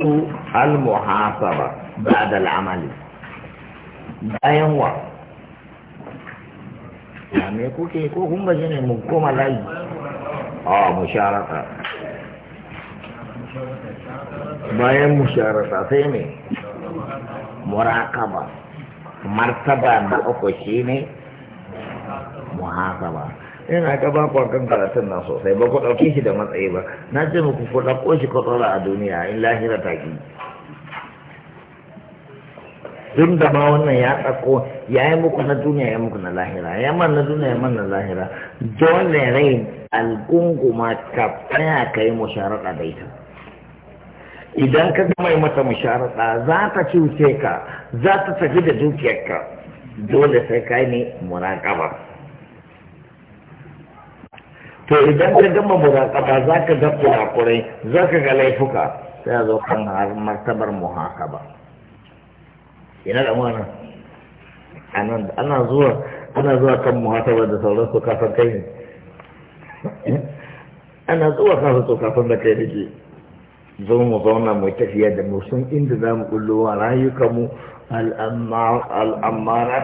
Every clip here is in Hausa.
المحاسبة بعد العمل bayan wa ya me kuke ko kun ne mu koma layi a bayan musharata sai murakaba martaba da uku ne muhasaba yana aka ba ku kan karatun nan sosai ba ku ɗauke shi da matsayi ba na ce muku ku ɗauko shi ku a duniya in lahira ta ki tun da ma wannan ya ɗauko ya yi muku na duniya ya muku na lahira ya man na duniya ya man na lahira dole rai algunguma ka tsaya ka yi musharaɗa da ita idan ka gama mata musharaɗa za ta cuce ka za ta tafi da dukiyarka dole sai ka yi ne muraƙaba to idan ka gama muraƙaba za ka ga kurakurai za ka ga laifuka sai a zo kan martabar muhakaba ina da mana ana zuwa ana zuwa kan muhakaba da sauran su kafin kai ana zuwa kan su kafin da kai rike zo mu zauna mu tafiya da mu sun inda za mu kullo wa rayukanmu ta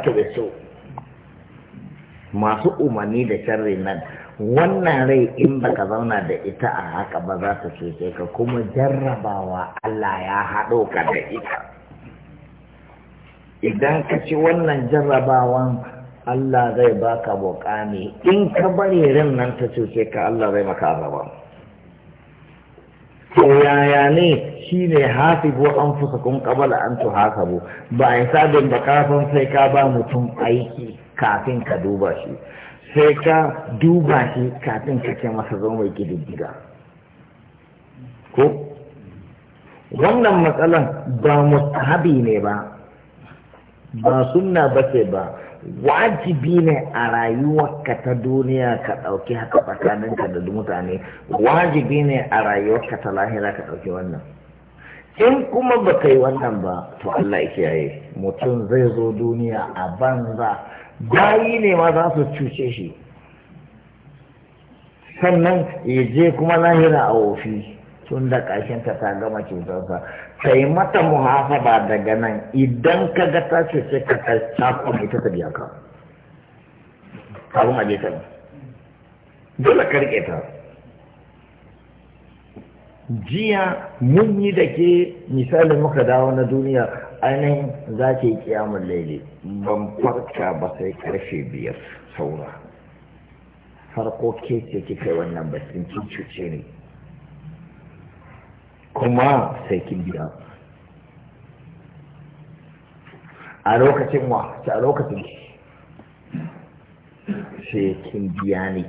da su masu umarni da sharri nan wannan rai in baka zauna da ita a haka ba za ta cuce ka kuma jarrabawa Allah ya haɗo ka da ita idan ka ci wannan jarrabawan Allah zai baka ne in ka bari ran nan ta cuce ka Allah zai maka azaba to yaya ne shine hafibu an fusa kun kabala an tu haka ba a yi sabin da kafin sai ka ba mutum aiki kafin ka duba shi sai ka duba shi kafin ka ce masa zo mai gidigida ko wannan matsalan ba mustahabi ne ba ba sunna ba ce ba wajibi ne a rayuwarka ta duniya ka ɗauki haka tsakaninka da mutane wajibi ne a rayuwarka ta lahira ka ɗauki wannan in kuma ba ka yi wannan ba to Allah ya kiyaye mutum zai zo duniya a banza bayi ne ma za su cuce shi sannan ya je kuma lahira a ofi tun da ƙashinta ta gama cutarsa ta yi mata ba daga nan idan ka ga ta cuce ka ta shafa mai ta biya ka abin aje ta dole ka riƙe ta jiya mun yi da ke misalin muka dawo na duniya ainihin za yi kiyamun laili ban farka ba sai karfe biyar saura farko ke ce kika wannan bakin kin cuce ne kuma sai kin biya a lokacin wa a lokacin sai kin biya ne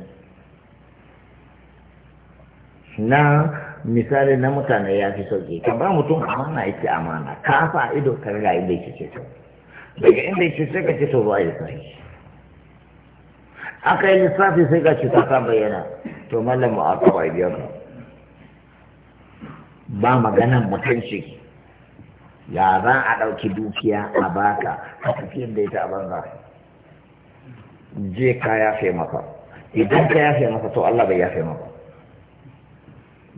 na misali na mutane ya fi sauki ka ba mutum amana ya ce amana kafa a ido ka riga inda ya ce to daga inda yake ce ka ce to ba ya sai aka yi lissafi sai ka ce ta bayyana to mallam mu aka ba biyar ba maganan mutunci ya za a ɗauki dukiya a baka a tafiyar da ita a banza je ka yafe maka idan ka yafe maka to Allah bai yafe maka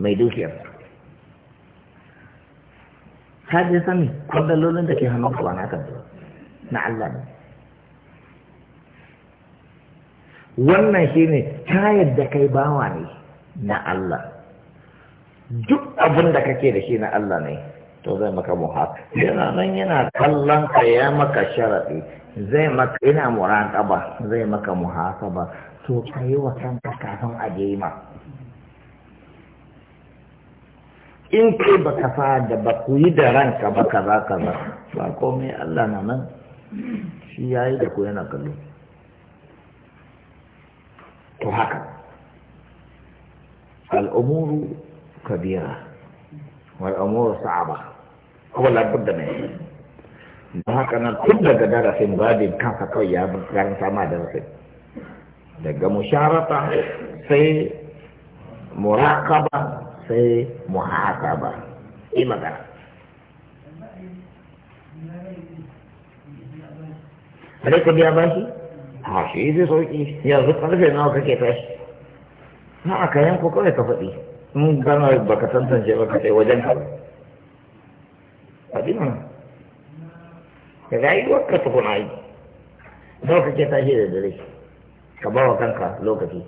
mai dukiyar ka je kwallon kwadallolin da ke hannun ka ba na kan na Allah ne wannan shi ne tayar da kai bawa ne na Allah duk abin da kake da shi na Allah ne to zai maka muha, yana nan yana kallon ka ya maka sharaɗi zai maka ina ba, zai maka ba. to kai wa kanka kafin a je ma in kai ka fa da ba ku yi da ranka ba kaza kaza ba komai Allah na nan shi yi da ku yana kallo to haka al'amuru kabira wal umuru sa'aba ko la da ne don haka nan tun daga darasin babin kansa kawai ya sama da darasin daga musharata sai muraqaba sai muhasaba yi magana bare ka biya bashi a shi zai sauki yanzu karfe nawa ke tashi na a kayan ko kawai ka faɗi in gana ba ka tantance ba ka sai wajen ka faɗi mana rayuwar ka tukuna yi nawa kake tashi da dare ka ba wa kanka lokaci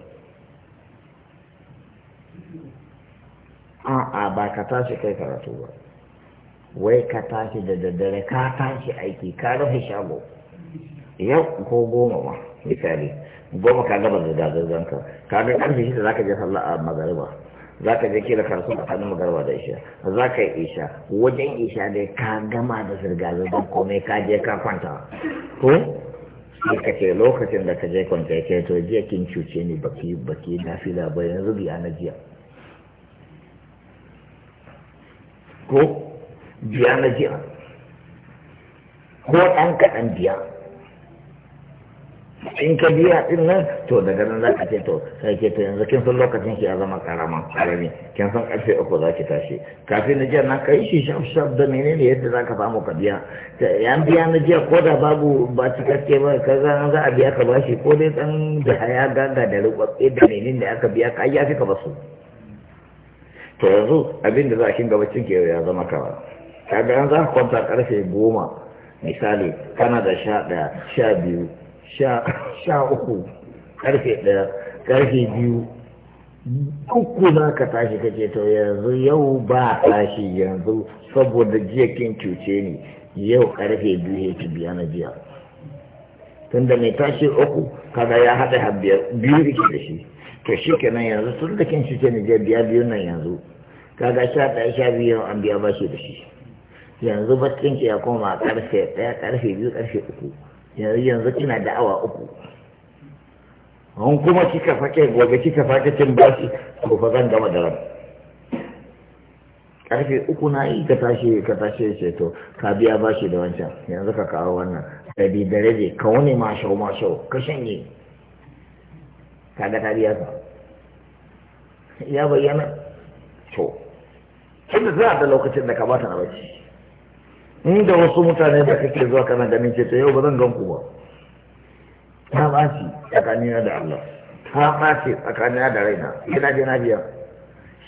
'a ba ka tashi kai karatu ba wai ka tashi da daddare ka tashi aiki ka rufe shago yau ko goma ma misali goma ka gaba da dazazan ka ka ga karfe shida zaka je sallah a magariba zaka je kira karatu a kanin magariba da isha zaka yi isha wajen isha dai ka gama da zirga zirgan komai ka je ka kwanta ko sai ka ce lokacin da ka je kwanta ya ce to jiya kin cuce ni baki baki na fila ba yanzu biya na jiya ko biya na jiya ko ɗan kaɗan biya in ka biya ɗin nan to daga nan za ka ce to sai ke to yanzu kin san lokacin ki ya zama karama karami kin san karfe uku za ki tashi kafin na jiya na ka yi shi shaf shaf da menene yadda za ka samu ka biya yan biya na jiya ko da babu ba cikakke ba ka za a biya ka bashi ko dai ɗan da haya ganga da rubabbe da menene da aka biya ka ya fi ka basu to yanzu abin da za a kinga bacin ke ya zama kawa kaga an za ka kwanta karfe goma misali kana da sha daya sha biyu sha uku karfe daya karfe biyu uku za ka tashi kace to yanzu yau ba tashi yanzu saboda jiya kin cuce ni yau karfe biyu ya ci biya na jiya tunda mai tashi uku kaga ya haɗa biyu da shi to shi kenan yanzu tun da kin cuce ni jiya biya biyu nan yanzu kaga sha ɗaya sha biyu an biya bashi da shi yanzu bakin ki ya koma karfe ɗaya karfe biyu karfe uku yanzu yanzu kina da awa uku an kuma kika fake gobe kika fake cin bashi ko fa zan gama da ran karfe uku na yi ka tashi ka tashi ce to ka biya bashi da wancan yanzu ka kawo wannan rabi da rabi ka wani mashau mashau ka shanye kaga ta biya ka ya bayyana to tunda za da lokacin da kamata a bacci inda wasu mutane da kake zuwa kana ganin ce ta yau ba zan ganku ba ta ɓaci tsakanina da Allah ta ɓaci tsakanina da raina yana je na biya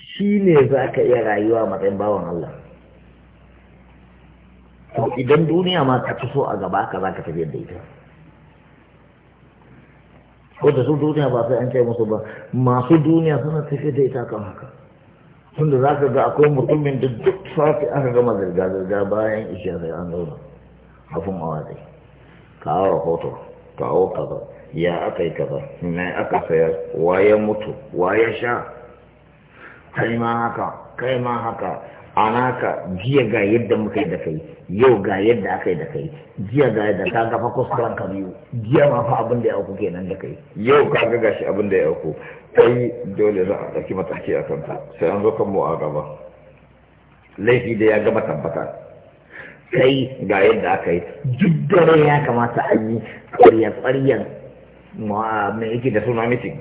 shi ne za ka iya rayuwa matsayin bawan Allah to idan duniya ma ka fi so a gaba ka za ka tafi da ita ko da su duniya ba sai an ce musu ba masu duniya suna tafi da ita kan haka tun da za ka ga akwai mutumin da duk sati aka gama zirga-zirga bayan ishe sai an zauna kafin a kawo rahoto kawo kaza ya aka yi kaza na aka sayar waye mutu waye sha kai ma haka kai ma haka jiya ga yadda muka yi da kai yau ga yadda aka yi da kai jiya ga yadda ka gafa kuskuren ka biyu jiya ma fa abin da ya auku kenan da kai yau ka ga gashi abin da ya auku kai dole za a ɗauki mataki a kanta sai an zo kan mu a gaba laifi da ya gama tabbata kai ga yadda aka yi duk dare ya kamata a yi ƙwarya-ƙwaryan mai yake da suna mitin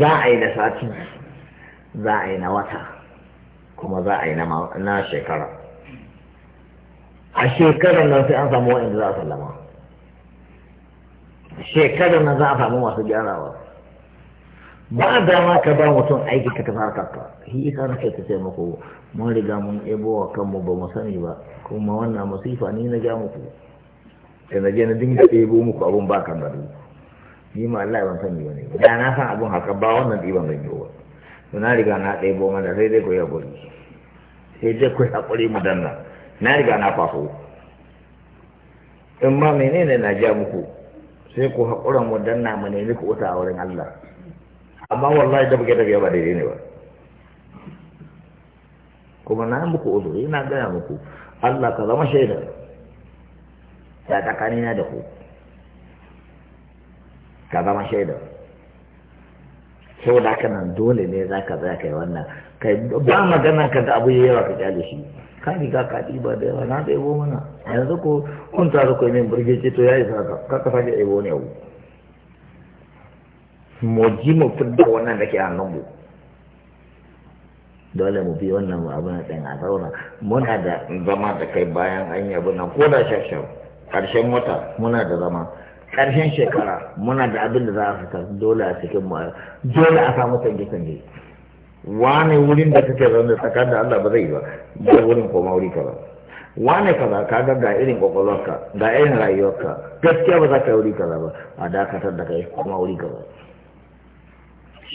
za a yi na sati za a yi na wata kuma za a yi na shekara a shekarar nan sai an samu wa'anda za a sallama shekarar nan za a samu masu gyarawa ba dama ka ba mutum aiki ka ta harkar ka shi isa na ta taimako mun riga mun ebo wa kanmu ba mu sani ba kuma wannan masifa ni na ja muku da na je na dinga ebo muku abun ba kan gari ni ma Allah ban sani ba ne ya na san abun haka ba wannan ɗiban mai yi ba na riga na ɗebo mana sai dai ku yi haƙuri sai dai ku yi haƙuri mu danna na riga na kwaso in ma menene na ja muku sai ku haƙuran mu danna mu nemi ku uta a wurin Allah amma wallahi da da biya ba daidai ne ba kuma na muku uzuri na gaya muku Allah ka zama shaida Ya ta na da ku ka zama shaida saboda haka nan dole ne za ka za ka yi wannan ba magana ka da abu yawa ka kyale shi ka riga ka ɗiba da yawa na ɗebo mana yanzu ko kun ta da min burge ce to ya yi saka ka kafa da ne abu mu ji mu fidda wannan da ke hannun mu dole mu bi wannan abin ɗan a zauna muna da zama da kai bayan an yi abin nan ko da shafshaf ƙarshen wata muna da zama ƙarshen shekara muna da abin da za a fitar dole a cikin mu dole a samu canje-canje wane wurin da take zaune tsakanin da Allah ba zai ba ba wurin ko wuri ka ba wane kaza ka ga da irin kokolonka da irin rayuwarka gaskiya ba za ka wuri kaza ba a dakatar da kai koma wuri kaza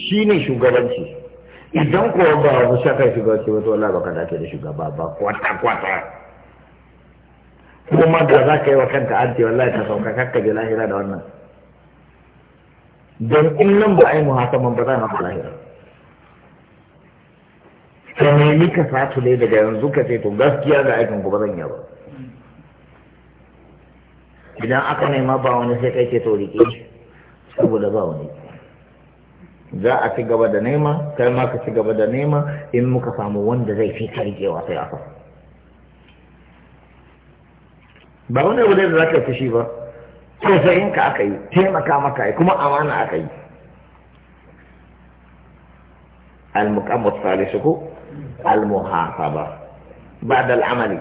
shine shugabanci idan ko ba ku shaka shugabanci ba to Allah baka dace da shugaba ba kwata kwata kuma da za ka yi wa kanka anti wallahi ka sauka kakka je lahira da wannan don in nan ba a yi muhasaman ba za a maka lahira ka nemi ka satu ne daga yanzu ka ce to gaskiya ga aikin ku ba zan yi ba idan aka nema ba wani sai kai ce to rike saboda ba wani za a ci gaba da nema kai ma ka ci gaba da nema in muka samu wanda zai fi ka rikewa sai aka ba wani abu da za ka fushi ba sai sai in ka aka yi taimaka maka yi kuma amana aka yi المقام الثالث المحاسبة بعد العمل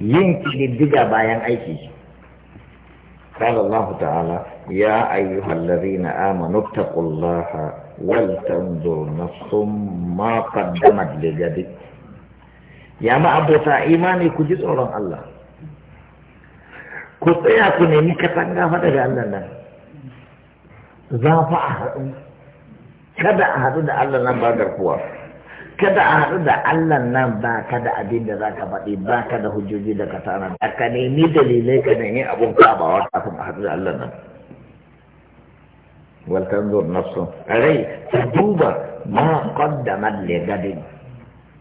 يمكن الدجا بايان أيكي قال الله تعالى يا أيها الذين آمنوا اتقوا الله ولتنظر نفس ما قدمت لجد يا ما أبو إيماني كجد أولا الله كنت يا كنيني كتنغا فدغا لنا زافع kada a haɗu da Allah nan ba garkuwa kada a haɗu da Allah nan ba ka da abin da za ka faɗi ba ka da hujjoji da ka tana da ka nemi dalilai ka nemi abun kabawa kafin a haɗu da Allah nan waltanzur nafsu rai ta duba ma kwadda li gadi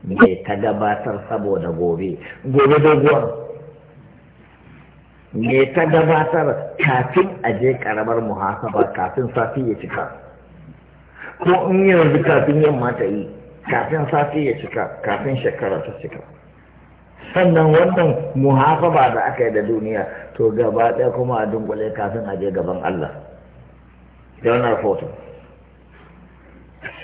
me ta gabatar saboda gobe gobe doguwa. me ta gabatar kafin a je karamar muhasaba kafin safi ya cika ko in yanzu kafin yamma ta yi kafin safi ya cika kafin shekara ta cika sannan wannan muhafaba da aka yi da duniya to gaba ɗaya kuma a dunkule kafin a je gaban Allah da foto.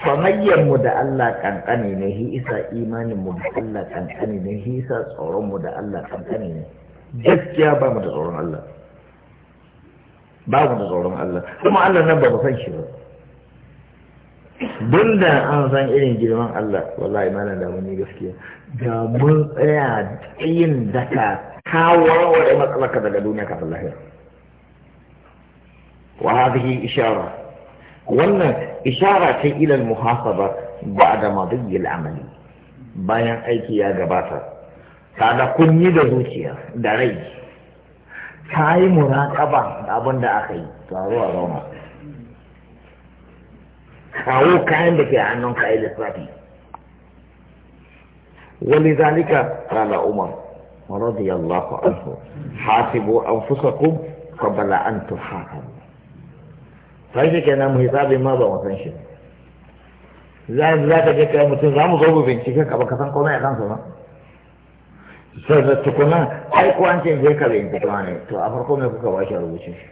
rahoton mu da Allah kankani ne hi isa imaninmu da Allah kankani ne hi isa tsoronmu da Allah kankani ne gaskiya ba mu da tsoron Allah ba mu da tsoron Allah kuma Allah nan ba mu san shi ba duk da an san irin girman Allah wallahi mana da wani gaskiya ga mun tsaya tsayin ka kawo wadai matsalarka daga duniya kafin lahira wa hadhihi ishara wannan ishara ce ila muhasaba ba'da da al-amali bayan aiki ya gabata kada kun yi da zuciya da rai ta yi muraƙaba abinda abin aka yi taro a zauna kawo kayan da ke hannun ka lissafi wani zalika kala umar radiyallahu anhu hasibu anfusakum qabla an tuhasabu sai shi kenan mu hisabi ma ba mu san shi za za ka je kai mutum za mu zo mu bincike ka ba ka san komai a kansa ba sai da tukuna ai ko an ce zai ka bincike ne to a farko me kuka washe rubucin shi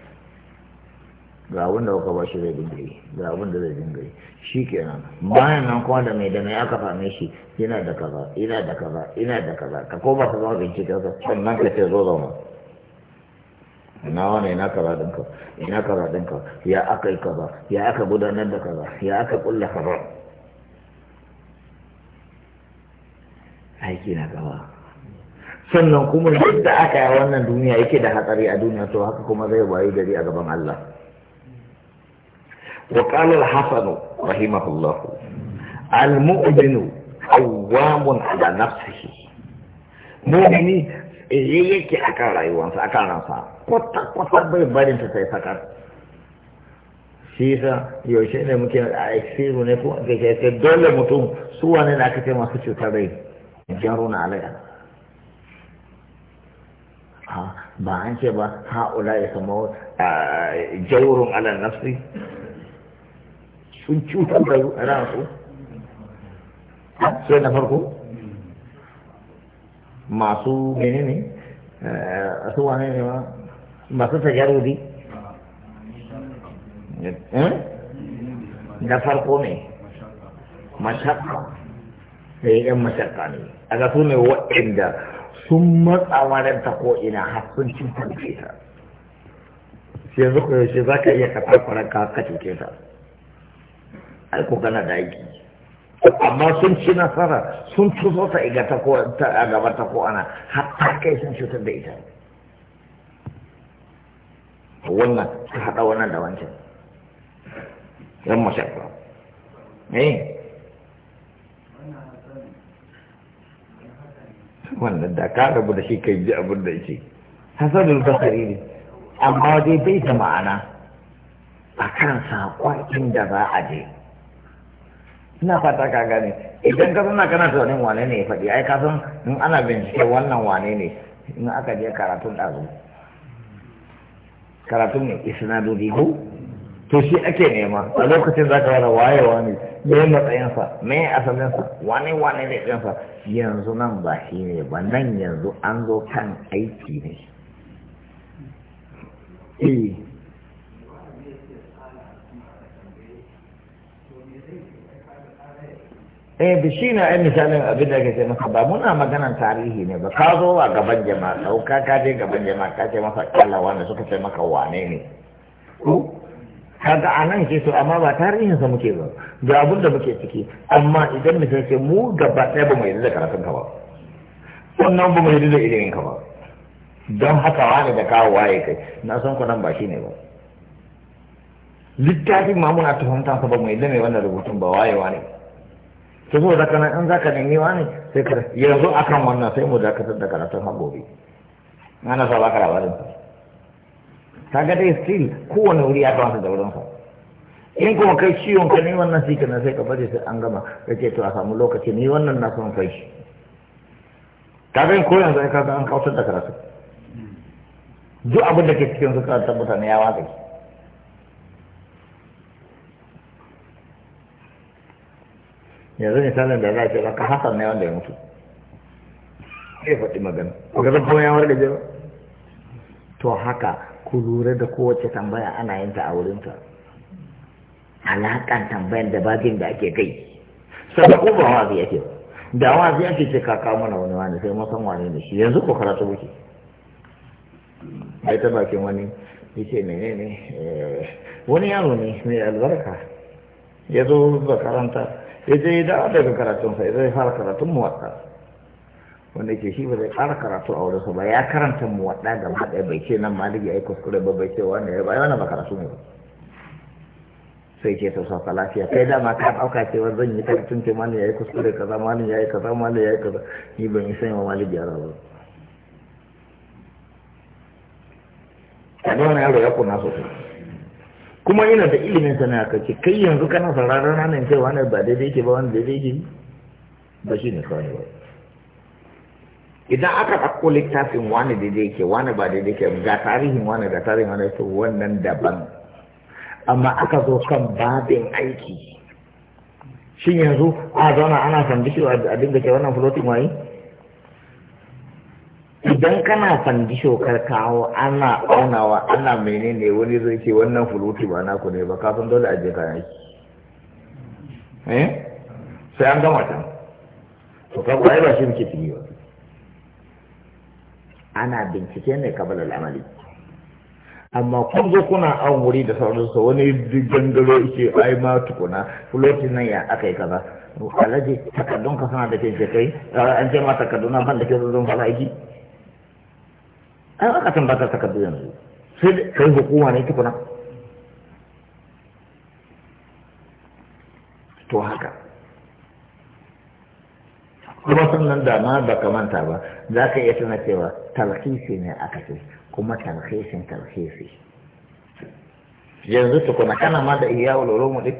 ga abin da kuka ba shi zai dinga yi ga abin da zai dinga yi shi kenan bayan nan kuma da mai da mai aka fame shi yana da kaza yana da kaza yana da kaza ka ko ba ka zama bincike ka sannan ka ce zo zauna ina wani ina kaza ka ina kaza ɗinka ya aka yi kaza ya aka gudanar da kaza ya aka kulla kaza aiki na gaba sannan kuma yadda aka yi wannan duniya yake da hatsari a duniya to haka kuma zai wayi gari a gaban Allah وقال الحسن رحمه الله المؤمن قوام على نفسه مؤمن yake a kan rayuwansa a kan ransa kwata-kwata bai barin ta sai sakar shi yasa yaushe ne muke a eksiru ne ko ga shi dole mutum su wane da aka ce masu cutar rai jaro na alaya ba an ce ba ha'ula ya samu jawurun ala nafsi sun cutar da ransu sai na farko masu gini ne eh, su wane ne ba masu tajarudi eh? na farko ne mashakka da yi ɗan mashakka ne a ga su ne waɗanda sun matsa waranta ko ina har sun cutar da ita yanzu ko yaushe za ka iya ka takwarar ka cuce ta ai ko kana da aiki amma sun ci nasara sun tuzo ta iga ta ko ta a gaba ta ko ana hatta kai sun cutar da ita wannan ta haɗa wannan da wancan yan mashakka eh wannan da ka rabu da shi kai bi abin da yake hasanul basari ne amma dai bai da ma'ana akan sakon inda za a je ina fata ka gane idan ka zana kana tunanin wane ne ya faɗi ai ka san in ana bincike wannan wane ne in aka je karatun ɗazu karatun ne isnadodi ko to shi ake nema a lokacin za ka wara waye wane me matsayinsa me asalinsa wane wane ne ɗinsa yanzu nan ba shi ne ba nan yanzu an zo kan aiki ne eh. eh bi shi na ai misalin abin da ke cewa ba muna maganan tarihi ne ba ka zo a gaban jama'a sauka ka je gaban jama'a ka ce masa kala wanda suka ce maka wane ne ko kaga a nan ke so amma ba tarihin sa muke ba da abin da muke ciki amma idan mu ce mu gaba ɗaya ba mu yi da karatun ka ba sannan ba mu yi da ilimin ka ba don haka wani da kawo waye kai na san ku nan ba shi ne ba littafin ma muna tuhumta ka ba mu yi da mai wannan rubutun ba wayewa ne to so da kana in zaka nemi wani sai ka yanzu akan wannan sai mu dakatar da karatun haƙoƙi ana sa baka labarin ta ga dai still kowane wuri ya kamata da wurinsa in kuma kai ciwon ka ne wannan shi kana sai ka bari sai an gama kace to a samu lokaci ni wannan na son kai shi ka ga ko yanzu ka ga an kautar da karatu duk abin da ke cikin zuciyar mutane ya watsa yanzu misalin da za a ce baka hasan ne wanda ya mutu ya faɗi magana ga zan kuma ya warga jira to haka ku lura da kowace tambaya ana yin ta a wurinta alaƙan tambayan da babin da ake kai saboda ko ba wazi yake ba da wazi yake ce kaka mana wani wani sai mun san wani ne shi yanzu ko karatu muke ai ta bakin wani yace menene eh, wani yaro ne mai albarka ya zo karanta. ya je ya dawo daga karatunsa ya zai fara karatun muwaɗa wanda ke shi ba zai fara karatu a wurinsa ba ya karanta muwaɗa ga haɗe bai ce nan maliki ya yi kuskure ba bai ce wanda ya bayan ba karatu ne ba sai ke ta sauka lafiya kai dama ka ɗauka cewa zan yi karatun ce maliki ya yi kuskure kaza maliki ya yi kaza maliki ya yi kaza ni ban yi sanya maliki ya rabu ba. Kaga wani yaro ya kuna sosai. kuma yana da ilimin sana ka ce kai yanzu kana sauraron ranar cewa wani ba daidai yake ba wani daidai yake ba shi ne kawai ba idan aka ɗauko littafin wani daidai yake wani ba daidai yake ga tarihin wani ga tarihin wani to wannan daban amma aka zo kan babin aiki shin yanzu a zauna ana sandu a dinga ce wannan floating waye idan kana bi shokar kawo ana aunawa ana menene wani zai ce wannan fuluti ba naku ne ba kafin dole a je kayan eh sai an gama can to ka kwaye ba shi muke fi ba ana bincike ne kabal al'amali amma kun zo kuna an wuri da sauransu wani gangaro ce ai ma tukuna fulotin nan ya aka yi kaza alaji takardun ka sana da ke kai an ce ma takardun na ban da ke zan fara aiki an aka san ba ta takardu yanzu sai kai hukuma ne kuna to haka kuma sannan da ma baka manta ba za ka iya tuna cewa talhisi ne aka ce kuma talhisin talhisi yanzu kuna kana ma da iya mu duk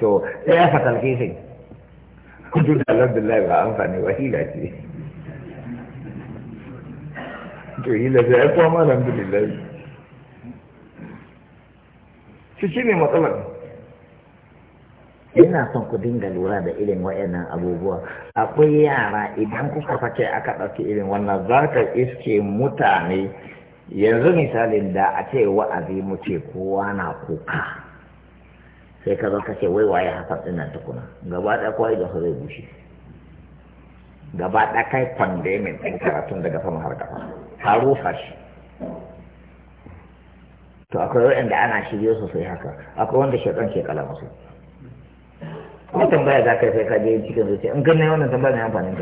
to sai ya fa talhisin kudu da alhamdulillah ba amfani wahila ce to yi lafiya ya kuwa ma alhamdulillah shi shi ne ina son ku dinga lura da irin wa'annan abubuwa akwai yara idan kuka fake aka ɗauki irin wannan za ka iske mutane yanzu misalin da a ce wa'azi mu ce kowa na kuka sai ka zo ka ce wai waye hakan ɗin nan tukuna gaba ɗaya kowa idan zai bushe gaba ɗaya kai kwande mai ɗin karatun daga sama har ƙafa ka rufa shi to akwai waɗanda ana shirye su sai haka akwai wanda shaɗan ke kala musu ko tambaya za ka yi sai ka je cikin zuci in ganin wannan tambaya ne amfanin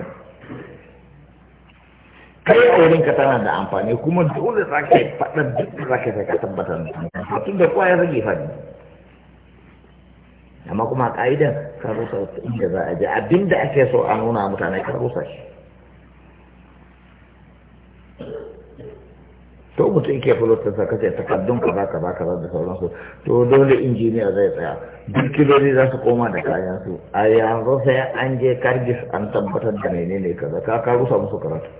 Ka kai wurin ka tana da amfani kuma dole za ka yi faɗa duk za ka yi sai ka tabbatar da tun da kowa ya rage fadi amma kuma ka'idan ka rusa inda za a je abinda ake so a nuna mutane ka rusa shi to mutum ke fulotar sa kace takaddun kaza kaza kaza da sauransu to dole injiniya zai tsaya dukkanoni za su koma da kayan su a yanzu sai an je kargis an tabbatar da menene kaza ka ka rusa musu karatu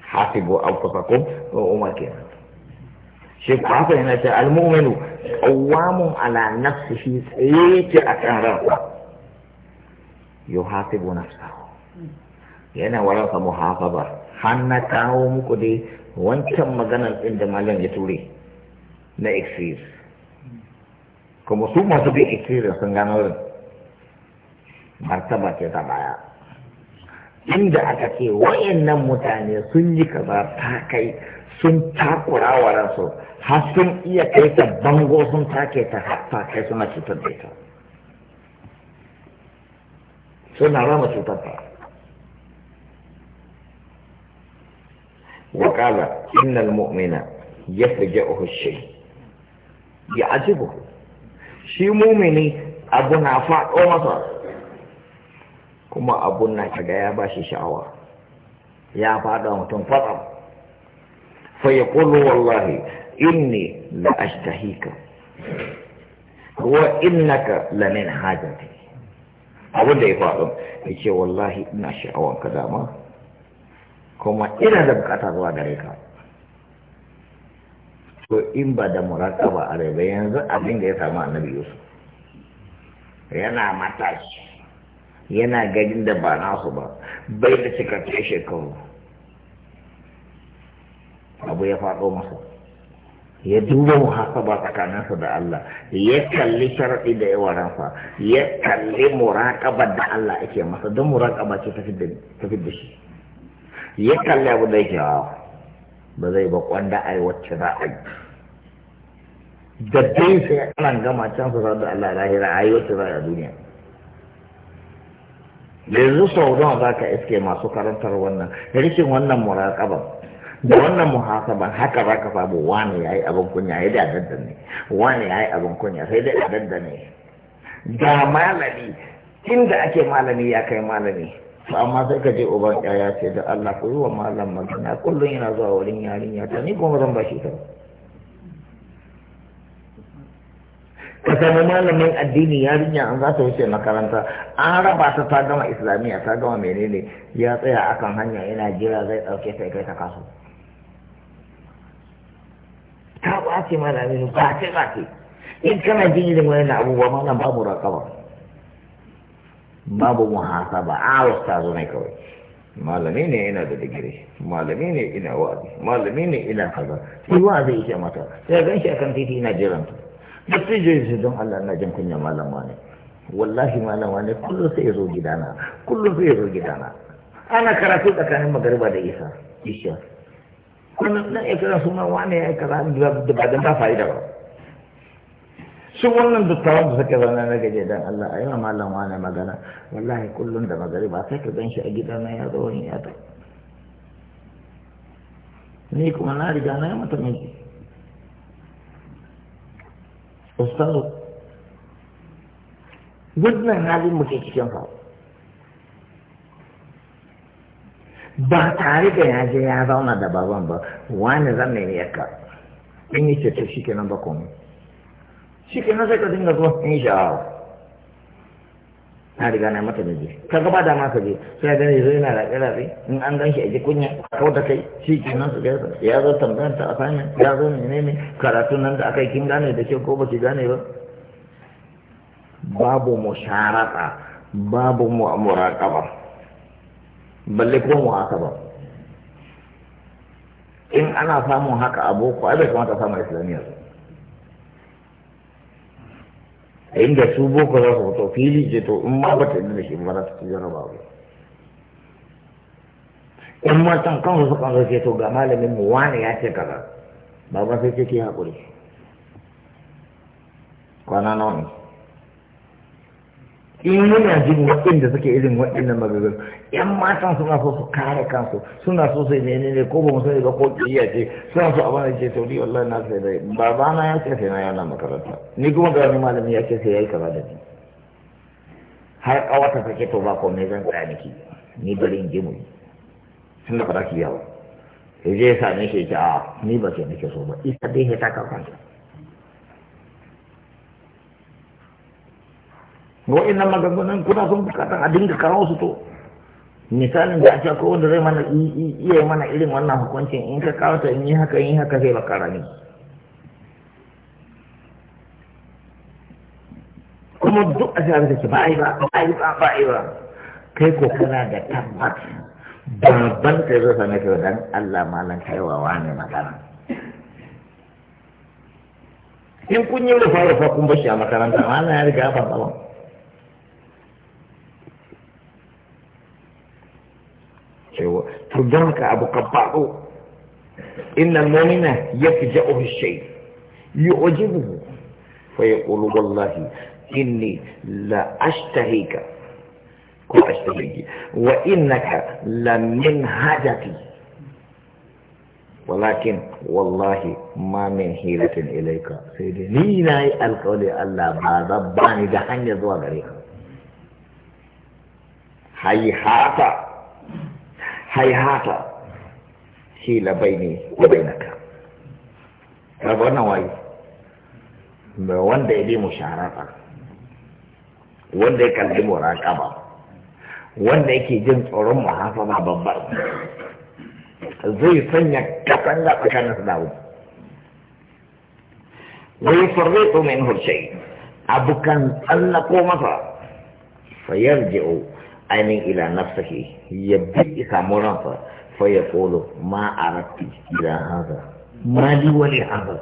hasibu anfusakum wa umma kenan shi ku haka yana ce almuminu kawamun ala nafsihi tsaye yake a kan ransa yuhasibu nafsahu yana waransa muhasaba har na kawo muku dai wancan maganar ɗin da malam ya ture na exis kuma su masu bin exis sun gano rin martaba ce ta baya inda aka ce wayannan mutane sun yi kaza ta kai sun takura wa ransu har sun iya kai ta bango sun take ta haffa kai suna cutar da ita suna rama cutar ta وقال إن المؤمن يفجأه ya ajibu shi mumini abu na faɗo masa kuma abun na kaga ya ba shi sha'awa ya faɗa mutum faɗa fa ya wallahi inni la ashtahika wa innaka la min hajati abin da ya faru ya ce wallahi ina sha'awar ka dama kuma ina da bukata zuwa gare ka to in ba da muraka ba a rai yanzu abin da ya samu annabi yusuf yana matashi yana ganin da ba nasu ba bai da cikakke shekaru abu ya faɗo masa ya duba muhasaba tsakaninsa da Allah ya kalli sharaɗi da yawaransa ya kalli muraƙabar da Allah ake masa don muraƙaba ce ta fi da shi ya kalli abu da yake ba zai ba kwanda a yi wacce za a yi da dai sai ana gama can su da Allah lahira yi wacce za a duniya yanzu sau don za ka iske masu karantar wannan rikin wannan muraƙabar da wannan muhasaban haka za ka samu wani ya yi abin kunya ya da adadda ne wani ya yi abin kunya sai dai adadda ne da malami da ake malami ya kai malami to amma sai ka je uban 'ya'ya ce da Allah ku yi wa malam magana kullum yana zuwa wurin yarinya ta ni kuma zan bashi ta ka samu malamin addini yarinya an za ta wuce makaranta an raba ta ta gama islamiyya ta gama menene ya tsaya akan hanya yana jira zai ɗauke ta kai ta kasu ta ɓace mana aminu ba ce ba ce in kana jin irin wani abubuwa mana babu rakaba babu muhasaba awus ta zo ne kawai malami ne ina da digiri malami ne ina wa'azi malami ne ina kaza shi wa'azi yake mata sai gan shi akan titi ina jiran ta duk sai je shi don Allah ina jin kunya malam wani wallahi malam wani kullum sai ya zo gidana kullum sai ya zo gidana ana karatu tsakanin magariba da isa isha kullum dan ya kira suna wani ya kaza da ba dan ta fa'ida ba su wannan dattawan da suka zana na gaje dan Allah a yi ma malam wani magana wallahi kullum da magari ba sai ka gan shi a gida na ya zo wani ya ta ni kuma na riga na yi mata miji ustazu wannan halin muke cikin fa'a ba tare da ya je ya zauna da baban ba wani zan ya ka in yi ce shi kenan ba komai shi nan sai ka dinga zuwa in hawa na riga na mata miji ka gaba da maka je sai ga zai na raɗe raɗe in an gan shi a ji kunya kau da kai shi nan su gaisa ya zo tambayar ta afanya ya zo ne ne Karatu nan da aka yi kin gane da ke ko ki gane ba babu musharaka babu mu'amura kabar balle ko mu haka ba in ana samun haka a boko ai bai kamata samun islamiyya a inda su boko za su fito fili je to in ma bata inda shi ba za su ci jarraba ba in ma can su kan ce to ga malamin mu wani ya ce kaza baban sai ce ki haƙuri kwana nawa ne in eh, yana jin waɗanda suke irin waɗannan magagar yan matan suna so su kare kansu suna so su ne ne ko ba musulmi ba ko kiyya ce suna so a da ce to ni wallahi na sai dai babana ya ce sai na yana makaranta ni kuma ga wani malami ya ce sai yayi kaza da ni har kawata take to ba ko me zan tsaya niki ni bari in je mu tun da fara kiyawa sai je ya same shi ya ce a ni ba ce nake so ba isa dai ta ka kansa wa'annan maganganun kuna sun bukatan a dinga karawa su to misalin da ake ko wanda zai mana iya mana irin wannan hukuncin in ka kawo ta in yi haka in yi haka sai baka rami kuma duk a jihar da ke ba a yi ba a yi ba ba a yi ba kai ko kana da tabbat babban kai zai same ka dan Allah malan kaiwa wani magana in kun yi rufa rufa kun bashi a makaranta ma na ya riga ban ban جنك أبو قبعه إن المؤمن يفجأه الشيء يعجبه فيقول والله إني لا أشتهيك وأشتهيك وإنك لمن حاجتي ولكن والله ما من حيلة إليك سيدي نينا القول الله بعد باني دهن يزوى غريب هاي حاطة haihata hila baini wa bainaka rabu wannan waye wanda ya bi mu sharata wanda ya kalli muraqaba wanda yake jin tsoron muhasaba babbar zai sanya katanga tsakanin su dawo wai farbe tsomin hulshai abu kan tsallako masa fayar ji'o ainihin ila nafsahi ya bi samu ranfa fa ya kolo ma a rafi ila haza ma li wani haza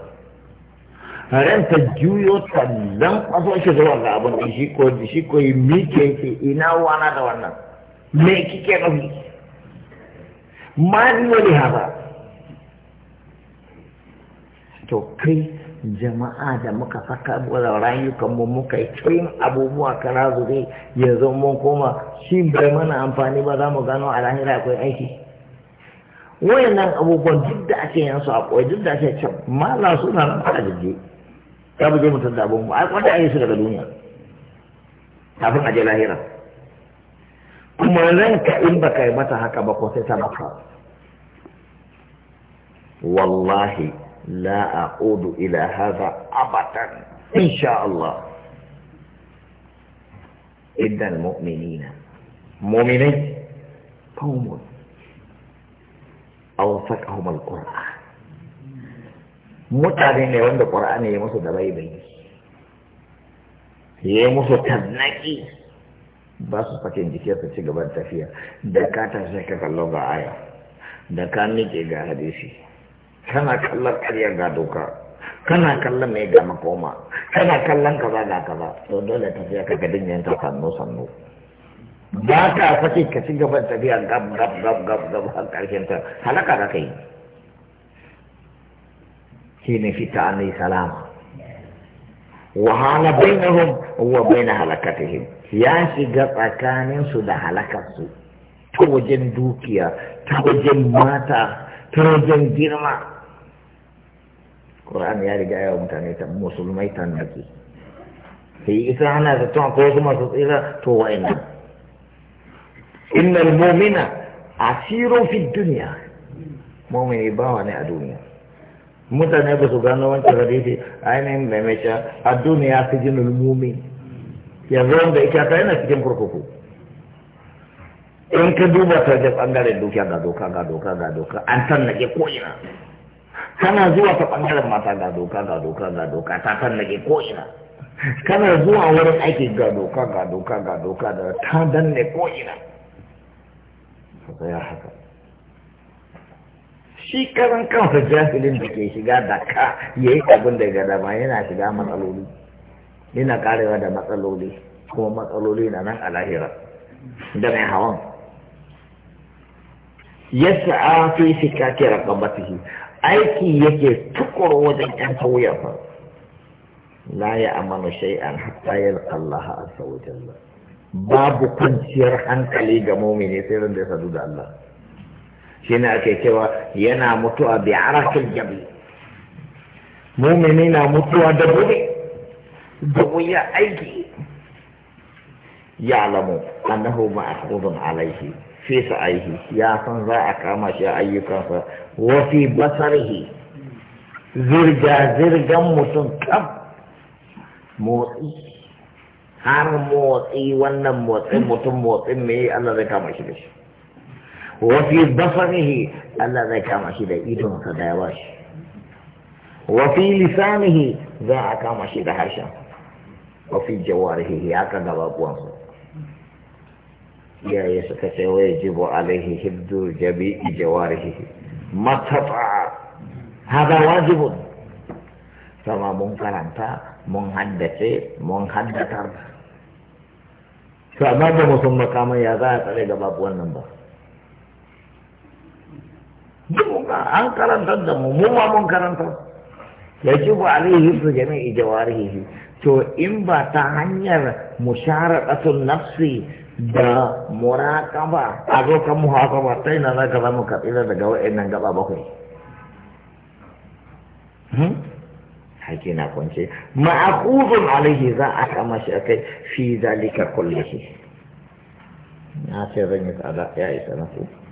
ran ta juyo ta dan kwaso shi zuwa ga abin da shi ko shi ko yi mike yake ina wana da wannan me kike nufi ma li wani haza to kai jama'a da muka saka da rayukanmu muka yi cikin abubuwa kara zuri ya zo mun koma shi bai mana amfani ba za mu gano a lahira akwai aiki wayannan abubuwan duk da ake yin su akwai duk da ake can mala suna nan a jirgi ya buje mutum da abin mu ai kwanta an yi su daga duniya kafin a je lahira kuma ranka in baka yi mata haka ba ko sai ta maka wallahi لا أقود إلى هذا أبدا إن شاء الله إن المؤمنين مؤمنين قوم أوثقهم القرآن mutane ne wanda ƙura'ani ya musu da bai ya yi musu tarnaki ba su fakin jikin su ci gaban tafiya da ka tashi ka kallon ga aya da ka miƙe ga hadisi kana kallon ƙarya ga doka kana kallon mai ga makoma kana kallon kaza ga kaza to dole tafiya ka ga dinyan ta sannu sannu ba ka fake ka ci gaban tafiya gab gab gab gab gab har ƙarshen ta halaka za ka shi ne fita annai salama wahala bai na rum wa bai na bain halakatihim ya shiga tsakaninsu da halakarsu ta wajen dukiya ta wajen mata ta wajen girma Qur'an ya riga yawa mutane ta musulmai ta nake sai isa ana da tun akwai wasu masu tsira to wa wa'annan innal mu'mina asirun fi duniya mu'mini bawa ne a duniya mutane ba su gano wancan hadisi ainihin mai mai sha a duniya su jin ulmumi yanzu wanda ita ta yana cikin kurkuku in ka duba ta ga bangaren dukiya ga doka ga doka ga doka an tannake ko kana zuwa ta bangaren mata ga doka ga doka ga doka ta tallake ko ina kana zuwa wurin aiki ga doka ga doka ga doka da ta danne ko ina ya haka shi karan kansa jahilin da ke shiga da ka ya yi abin da ga dama yana shiga matsaloli yana karewa da matsaloli kuma matsaloli na nan a lahira da mai hawan yasa a fi shi kakira kabatihi aiki yake tukuru wajen ƴan wuyansa la ya amanu shay'an hatta ya Allah azza wa jalla babu kwanciyar hankali ga mumini sai ran da ya sadu da Allah shi ne ake cewa yana mutuwa bi arakin jabi mumini na mutuwa da bude da wuya aiki ya lamu annahu ma'khudun alaihi fi sa'ihi ya san za a kama shi a ayyukansa wa fi basarihi zirga zirgan mutum kaf motsi har motsi wannan motsin mutum motsin me Allah zai kama shi da shi wa fi basarihi Allah zai kama shi da idonsa da ya bashi wa fi lisanihi za a kama shi da harshen wa fi jawarihi ya ka gaba kuwansa iyaye suka ce wa yajibu alaihi hibdu jabi'i jawarihi matata hada wajibun sama mun karanta mun haddace mun haddatar sama da mutum makaman ya za a tsare gaba wannan ba an karantar da mu mu ma mun karantar yajibu alaihi hibdu jami'i jawarihi to in ba ta hanyar musharaqatul nafsi da muraƙaba abokan muhafaba ta yana za ka zama katsira daga wa'annan gaba bakwai hmm? haƙi na kwance ma'akuzun alaihi za a kama shi a kai fi zalika kullihi na ce zan yi tsada ya isa na su